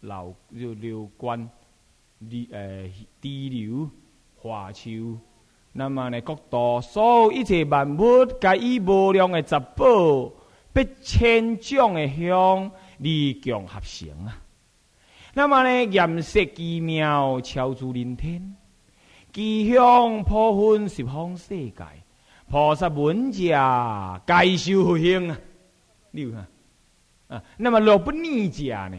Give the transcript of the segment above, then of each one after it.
流叫流，流關，誒、呃，地流華秋，那麼呢？國土所有一切萬物，皆以無量的雜寶，被千種的香，力強合成。啊。那麼呢？嚴飾奇妙，超諸人天，其香普熏十方世界，菩薩聞者皆修行。香啊。你話啊？那麼若不念者呢？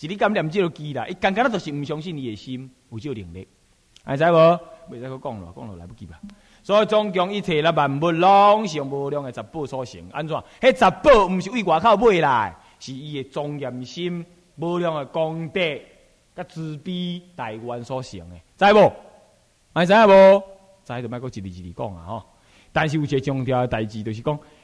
一日干連只都機啦，伊剛剛啦都是唔相信你嘅心，有只能力，安在無？未使佫講咯，講咯來不及啦。嗯、所以終將一切啦萬物攏是用無量嘅十寶所成，安怎？迄十寶唔是為外口買來，是伊嘅莊嚴心，無量嘅功德，佮慈悲大願所成嘅，知無？安在無？就不再就賣佫一日一日講啊，但是有一個強調嘅代志，就是講。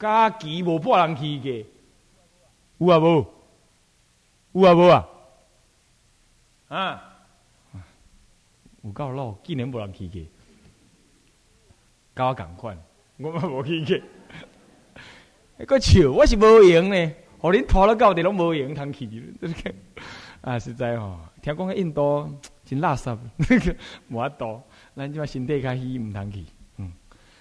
假期無半人去嘅，有啊無？有啊無啊？啊？有夠老，竟然無人去嘅，跟我共款，我嘛無去嘅。哎，夠笑，我是無用呢，互恁拖了到地攏無用，通去。 啊，實在吼、哦，聽講喺印度真垃圾，無法度咱即嘛身體較虛，毋通去。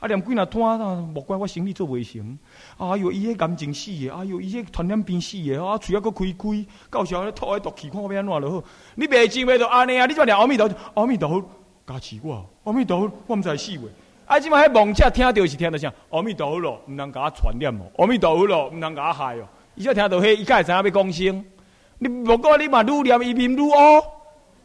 啊，幾啊！連鬼那拖那，無怪我生理做未成。哎呦，伊迄感情死嘅，哎呦，伊迄傳染病死嘅，啊，喙還佫開開，到時侯咧吐埃毒氣，看我變安怎了。好，你袂只會到安尼啊！你再念阿彌陀，佛，阿彌陀佛加持我，阿彌陀佛我毋知死袂。啊，即馬喺妄者聽到是聽到啥？阿彌陀佛咯，毋通甲我傳染哦。阿彌陀佛咯，毋通甲我害哦。伊即聽到迄，伊才會知影要講啥。你無過你嘛，愈念伊面愈烏。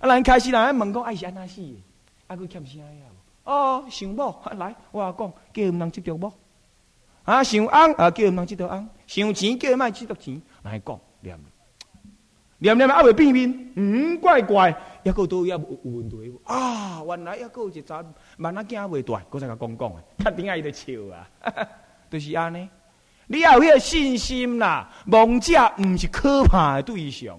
啊！人開始人問講，愛是安怎死的？啊，佫、啊、欠啥呀？哦，想某，啊來，我講叫伊毋通執着某。啊，想翁，啊叫伊毋通執着翁。想錢，叫伊莫執着錢。人喺講，念念啊袂變面，唔怪怪，一個都也有問題。啊，原來還佫有一扎萬啊驚袂大，佫再佮講講，睇頂下伊在笑啊，哈哈，就是安尼。你要有個信心啦，夢者唔是可怕的對象。